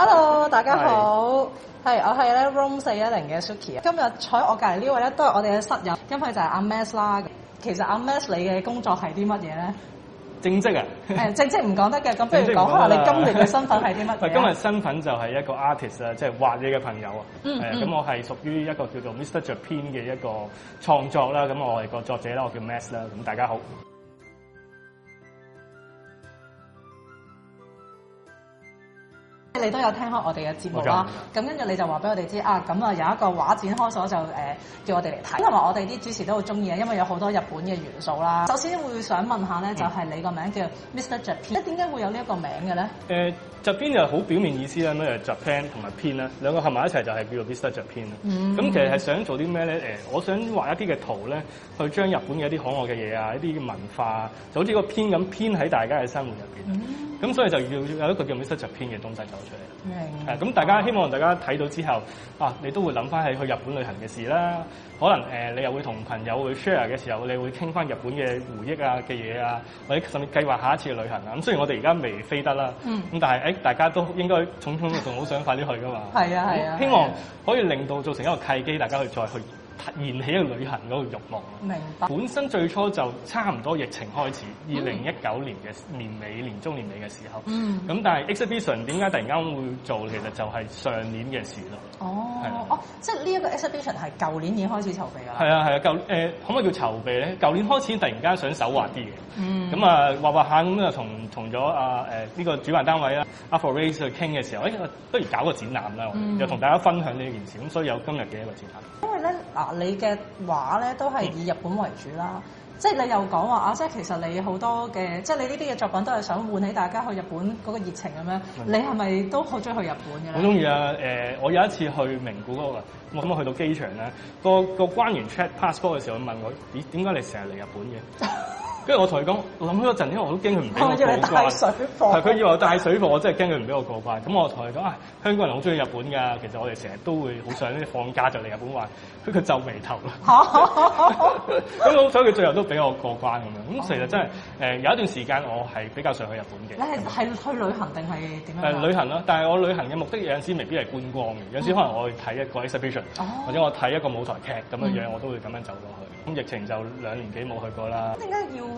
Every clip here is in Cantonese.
hello，大家好，係是，我係咧 room 四一零嘅 Suki 啊，今日坐喺我隔籬呢位咧都係我哋嘅室友，因為就係阿 Mass 啦。其實阿 Mass 你嘅工作係啲乜嘢咧？正職啊？誒，正職唔講得嘅，咁不如講下你今年嘅身份係啲乜嘢？ 今日身份就係一個 artist 啦，即係畫者嘅朋友啊。嗯嗯，咁我係屬於一個叫做 Mr Japan 嘅一個創作啦，咁我係個作者啦，我叫 Mass 啦，咁大家好。你都有聽開我哋嘅節目啦，咁跟住你就話俾我哋知啊，咁啊有一個畫展開咗就誒、呃、叫我哋嚟睇，同埋我哋啲主持都好中意啊，因為有好多日本嘅元素啦。首先會想問下咧，就係你個名叫 Mr. Japan，即點解會有呢一個名嘅咧？誒、呃、Japan 就好表面意思啦，咩係 Japan 同埋 pin 啦，in，兩個合埋一齊就係叫做 Mr. Japan 咁，嗯、其實係想做啲咩咧？誒、呃，我想畫一啲嘅圖咧，去將日本嘅一啲可愛嘅嘢，嗯、啊，一啲嘅文化就好似個 pin 咁 pin 喺大家嘅生活入邊。嗯嗯咁所以就要有一個叫咩 s e a 片嘅東西走出嚟，係白，咁大家希望大家睇到之後，啊，你都會諗翻喺去日本旅行嘅事啦，可能誒、呃、你又會同朋友去 share 嘅時候，你會傾翻日本嘅回憶啊嘅嘢啊，或者甚至計劃下一次嘅旅行啊，咁、嗯、雖然我哋而家未飛得啦，咁、嗯、但係誒、欸、大家都應該，重重仲好想快啲去噶嘛，係啊係啊，希望可以令到做成一個契機，大家去再去。燃起一個旅行嗰個慾望咯。明白。本身最初就差唔多疫情開始，二零一九年嘅年尾、年中、年尾嘅時候。嗯。咁但係 exhibition 點解突然間會做？其實就係上年嘅事咯。哦。Oh, 哦，哦，即係呢一個 exhibition 係舊年已經開始籌備啦。係啊，係啊，舊誒、欸、可唔可以叫籌備咧？舊年開始突然間想手畫啲嘅，咁、嗯嗯嗯、啊畫畫下咁又同同咗啊誒呢、這個主辦單位啦阿 for a c e 去傾嘅時候，哎、欸，不、啊、如搞個展覽啦，嗯、又同大家分享呢件事，咁所以有今日嘅一個展覽。因為咧嗱、啊，你嘅畫咧都係以日本為主啦。嗯嗯即係你又講話啊！即係其實你好多嘅，即係你呢啲嘅作品都係想喚起大家去日本嗰個熱情咁樣。你係咪都好中意去日本嘅？好中意啊！誒、呃，我有一次去名古屋啊，我咁去到機場咧，個個關員 check passport 嘅時候會問我：咦，點解你成日嚟日本嘅？ 跟住我同佢講，我諗咗陣，因為我都驚佢唔俾我過關。係佢以為帶水貨，我真係驚佢唔俾我過關。咁我同佢講啊，香港人好中意日本㗎，其實我哋成日都會好想呢放假就嚟日本玩。跟住佢皺眉頭啦。咁 所以佢最後都俾我過關咁樣。咁其實真係誒、呃、有一段時間我係比較想去日本嘅。你係是去旅行定係點樣？誒、 呃、旅行啦，但係我旅行嘅目的有陣時未必係觀光嘅，有陣時可能我睇一個 exhibition， 或者我睇一個舞台劇咁嘅樣，嗯、我都會咁樣走過去。咁疫情就兩年幾冇去過啦。點解要？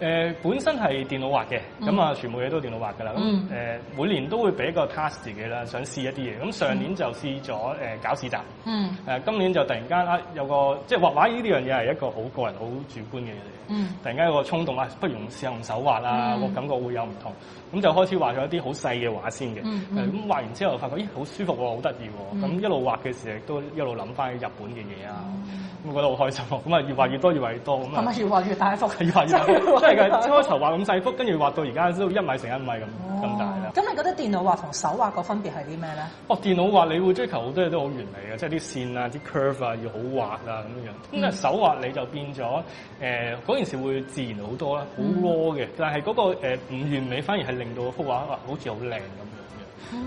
誒本身係電腦畫嘅，咁啊全部嘢都電腦畫噶啦。咁誒每年都會俾一個 task 自己啦，想試一啲嘢。咁上年就試咗誒搞市集，誒今年就突然間啊有個即係畫畫呢啲樣嘢係一個好個人好主觀嘅嘢。突然間有個衝動啊，不如試用手畫啊，我感覺會有唔同。咁就開始畫咗一啲好細嘅畫先嘅。咁畫完之後發覺咦好舒服喎，好得意喎。咁一路畫嘅時亦都一路諗翻日本嘅嘢啊，咁覺得好開心喎。咁啊越畫越多，越畫越多，咁啊越畫越大幅，越畫越大。即係初頭畫咁細幅，跟住畫到而家都一米成一米咁咁、哦、大啦。咁、嗯嗯嗯、你覺得電腦畫同手畫個分別係啲咩咧？哦，電腦畫你會追求好多嘢都好完美嘅，即係啲線啊、啲 curve 啊要好滑啊咁樣。咁啊手畫你就變咗誒，嗰、呃、件事會自然好多啦，好 raw 嘅。嗯、但係嗰、嗰個誒唔、呃、完美，反而係令到幅畫好似好靚咁樣嘅。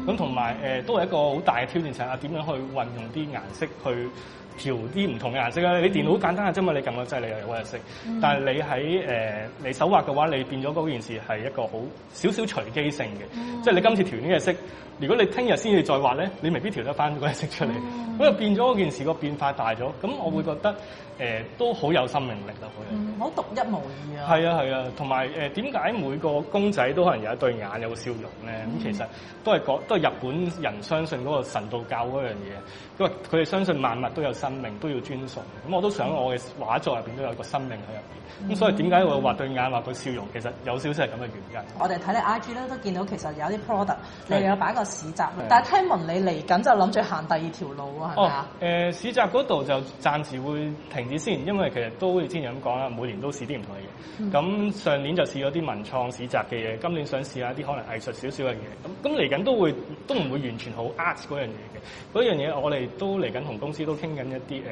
咁同埋誒都係一個好大嘅挑戰，就係點樣去運用啲顏色去。調啲唔同嘅顏色啦，你電腦好簡單嘅啫嘛，你撳個掣你就有個色。嗯、但係你喺誒、呃、你手畫嘅話，你變咗嗰件事係一個好少少隨機性嘅，即係、嗯、你今次調呢個色，如果你聽日先至再畫咧，你未必調得翻嗰個色出嚟，咁、嗯、就變咗件事、個變化大咗。咁我會覺得。嗯誒、呃、都好有生命力啊，佢唔好獨一無二啊！係啊係啊，同埋誒點解每個公仔都可能有一對眼有個笑容咧？咁、嗯、其實都係講都係日本人相信嗰個神道教嗰樣嘢，因為佢哋相信萬物都有生命都要尊崇。咁我都想我嘅畫作入邊都有個生命喺入邊。咁、嗯嗯、所以點解會畫對眼畫個笑容？其實有少少係咁嘅原因。嗯、我哋睇你 IG 咧都見到其實有啲 product，你有擺個市集，的但係聽聞你嚟緊就諗住行第二條路啊？係咪啊？誒、哦呃、市集嗰度就暫時會停，會停。先，因為其實都好似之前咁講啦，每年都試啲唔同嘅嘢。咁、嗯、上年就試咗啲文創市集嘅嘢，今年想試下啲可能藝術少少嘅嘢。咁咁嚟緊都會、嗯、都唔會完全好壓嗰樣嘢嘅。嗰樣嘢我哋都嚟緊同公司都傾緊一啲誒誒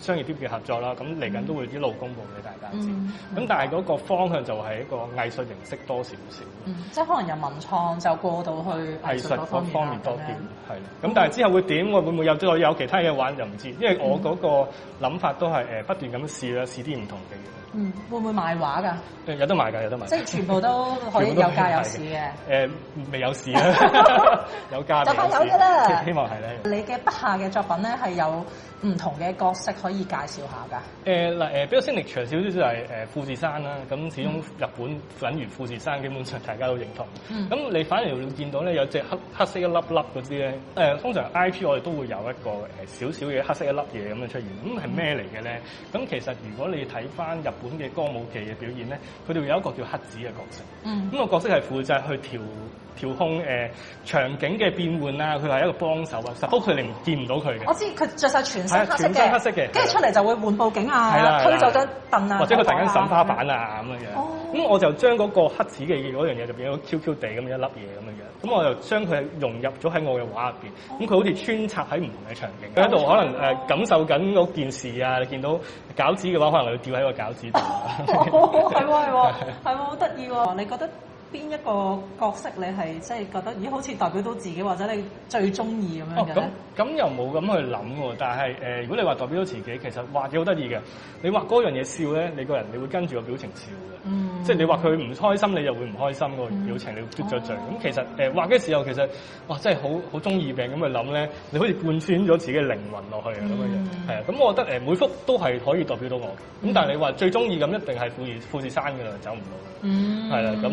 商業啲嘅合作啦。咁嚟緊都會一路公佈俾大家知。咁、嗯嗯、但係嗰個方向就係一個藝術形式多少少。嗯、即係可能由文創就過到去藝術個方面多啲。係、啊。咁但係之後會點？會唔會有再有其他嘢玩？就唔知。因為我嗰個諗法都係。誒不斷咁試啦，試啲唔同嘅嘢。嗯，會唔會賣畫㗎、嗯？有得賣㗎，有得賣。即係 全部都可以 都有價有市嘅。誒、呃、未有市啊， 有價、啊、就快有嘅啦。 希望係咧。你嘅筆下嘅作品咧係有唔同嘅角色可以介紹下㗎。誒嗱誒，比較先歷場少少就係、是、誒、呃、富士山啦、啊。咁始終、嗯、日本粉如富士山，基本上大家都認同。咁、嗯、你反而會見到咧有隻黑黑色一粒粒嗰啲咧。誒、呃、通常 I P 我哋都會有一個誒少少嘅黑色一粒嘢咁樣出現。咁係咩嚟嘅咧？咁、嗯、其實如果你睇翻日本本嘅歌舞伎嘅表演咧，佢哋會有一個叫黑子嘅角色。嗯，咁個角色係負責去調調控誒場景嘅變換啊。佢係一個幫手啊，實屋佢哋見唔到佢嘅。我知佢着晒全身黑色嘅，跟住出嚟就會換布景啊，推手凳啊，或者佢突然間抌花板啊咁嘅樣。咁我就將嗰個黑子嘅嗰樣嘢就變咗 Q Q 地咁一粒嘢咁嘅樣。咁我就將佢融入咗喺我嘅畫入邊。咁佢好似穿插喺唔同嘅場景，喺度可能誒感受緊嗰件事啊。你見到餃子嘅話，可能會掉喺個餃子。係喎，係喎，係喎，好得意喎！ 你覺得？邊一個角色你係即係覺得咦好似代表到自己或者你最中意咁樣嘅？咁咁又冇咁去諗喎、啊。但係誒、呃，如果你話代表到自己，其實畫嘢好得意嘅。你畫嗰樣嘢笑咧，你個人你會跟住個表情笑嘅。即係、嗯、你畫佢唔開心，你又會唔開心、嗯、個表情你會、哦呃，你嘟咗嘴。咁其實誒畫嘅時候，其實哇真係好好中意，病咁去諗咧。你可以貫穿咗自己嘅靈魂落去咁嘅嘢。嗯。係啊，咁我覺得誒每幅都係可以代表到我嘅。咁、嗯、但係你話最中意咁，一定係富士富士山㗎啦，走唔到嘅。係啦，咁。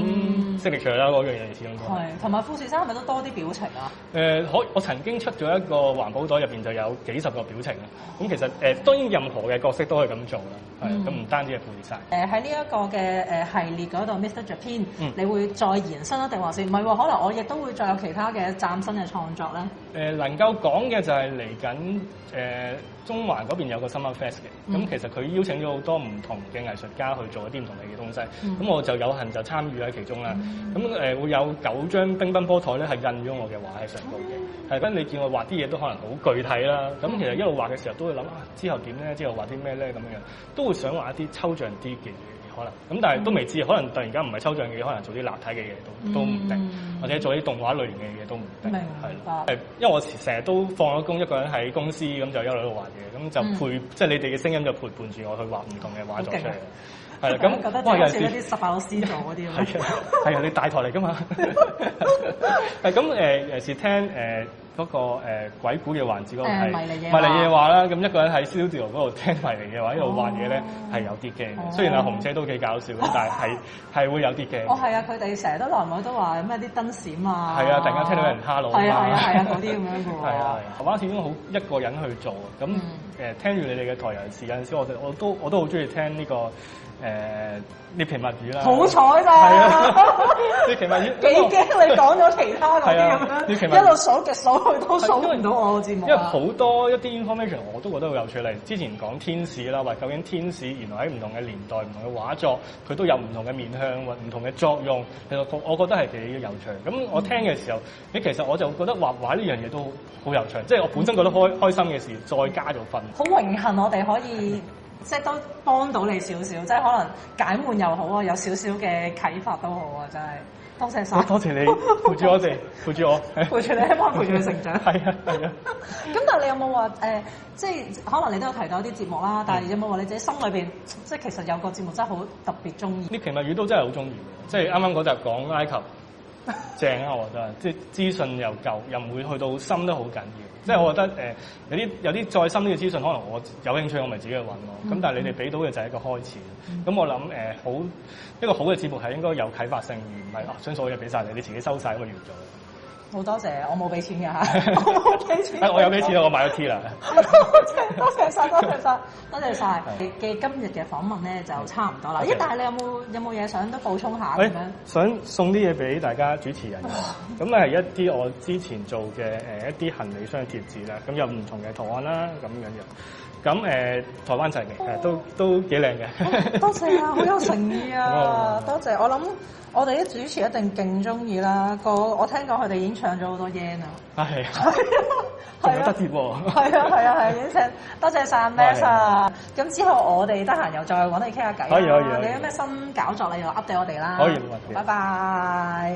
識力出啦！嗰樣嘢始終係，同埋富士山係咪都多啲表情啊？誒，可我曾經出咗一個環保袋，入邊就有幾十個表情啊！咁其實誒，當然任何嘅角色都可以咁做啦。係，咁唔單止係富士山。誒，喺呢一個嘅誒系列嗰度，Mr. Japan 你會再延伸一定話先唔係喎？可能我亦都會再有其他嘅嶄新嘅創作咧。誒，能夠講嘅就係嚟緊誒中環嗰邊有個 Summer Fest 嘅，咁其實佢邀請咗好多唔同嘅藝術家去做一啲唔同嘅嘢東西。咁我就有幸就參與喺其中啦。咁誒、嗯嗯、會有九張乒乓波台咧，係印咗我嘅畫喺上度嘅。係跟你見我畫啲嘢都可能好具體啦。咁、嗯、其實一路畫嘅時候都會諗啊，之後點咧？之後畫啲咩咧？咁樣都會想畫一啲抽象啲嘅嘢可能。咁但係都未知，嗯、可能突然間唔係抽象嘅嘢，可能做啲立體嘅嘢都、嗯、都唔定，嗯、或者做啲動畫類型嘅嘢都唔定，係啦白。誒，因為我成日都放咗工，一個人喺公司咁就一路喺度畫嘢，咁就陪即係你哋嘅聲音就陪伴住我去畫唔同嘅畫作出嚟。嗯 okay. 係啦，咁哇有陣時係啊，你大台嚟噶嘛？係咁誒，有陣時聽誒嗰個鬼故嘅環節嗰個係、啊、迷嚟嘅話啦，咁一個人喺 Studio 嗰度、哦、聽迷嚟嘅話，一路玩嘢咧係有啲驚嘅。雖然阿紅姐都幾搞笑，但係係係會有啲驚嘅。哦，係啊，佢哋成日都來往都話咩啲燈閃啊，係 啊，突然間聽到有人哈囉啊，係啊係啊嗰啲咁樣嘅喎。係啊，我啱先都好一個人去做咁誒聽住你哋嘅台人陣時，有陣時我就我都我都好中意聽呢、呢個。誒，獵奇物語啦！好彩㗎、啊，獵奇物語幾驚！你講咗其他啲咁、 啊、樣，一路數極數，佢都數唔到我個節目。因為好多一啲 information 我都覺得好有趣。例之前講天使啦，或究竟天使原來喺唔同嘅年代、唔同嘅畫作，佢都有唔同嘅面向或唔同嘅作用。其實我我覺得係幾有趣。咁我聽嘅時候，誒、嗯、其實我就覺得畫畫呢樣嘢都好有趣。即係我本身覺得開開心嘅事，再加咗分。好、嗯、榮幸我哋可以。即係都幫到你少少，即係可能解悶又好啊，有少少嘅啟發都好啊，真係多謝晒，多謝你陪住我哋，陪住我，陪住、 哎、 你，幫我陪住佢成長，係 啊。 啊。咁但係你有冇話誒，即係可能你都有提到一啲節目啦，但係有冇話你自己心裏邊，即係其實有個節目真係好特別中意？啲鯨鰻魚都真係好中意，即係啱啱嗰集講埃及。正啊，我覺得即係資訊又夠，又唔會去到深得好緊要。嗯、即係我覺得誒、呃、有啲有啲再深啲嘅資訊，可能我有興趣，我咪自己去搵咯。咁、嗯、但係你哋俾到嘅就係一個開始。咁、嗯嗯、我諗誒、呃、好一個好嘅節目係應該有啟發性，嗯、而唔係將所有嘢俾曬你，你自己收晒一個完咗。好多謝，我冇俾錢嘅嚇，我冇俾錢。我有俾錢啊，我買咗 T 啦。真係多謝晒，多謝晒。多謝晒。嘅 今日嘅訪問咧就差唔多啦。咦？Okay. 但係你有冇有冇嘢想都補充下咁、哎、樣？想送啲嘢俾大家 主持人。咁係一啲我之前做嘅誒一啲行李箱嘅貼紙啦。咁有唔同嘅圖案啦，咁樣樣。咁誒，台灣仔嘅，誒都都幾靚嘅。多謝啊，好有誠意啊，多謝。我諗我哋啲主持一定勁中意啦。個我聽講佢哋已經唱咗好多嘢啊！係係啊，好得貼喎。係啊，係啊，係。多謝晒，謝曬，Max。咁之後我哋得閒又再搵你傾下偈。可以可以。你有咩新搞作你又 update 我哋啦。可以冇問題。拜拜。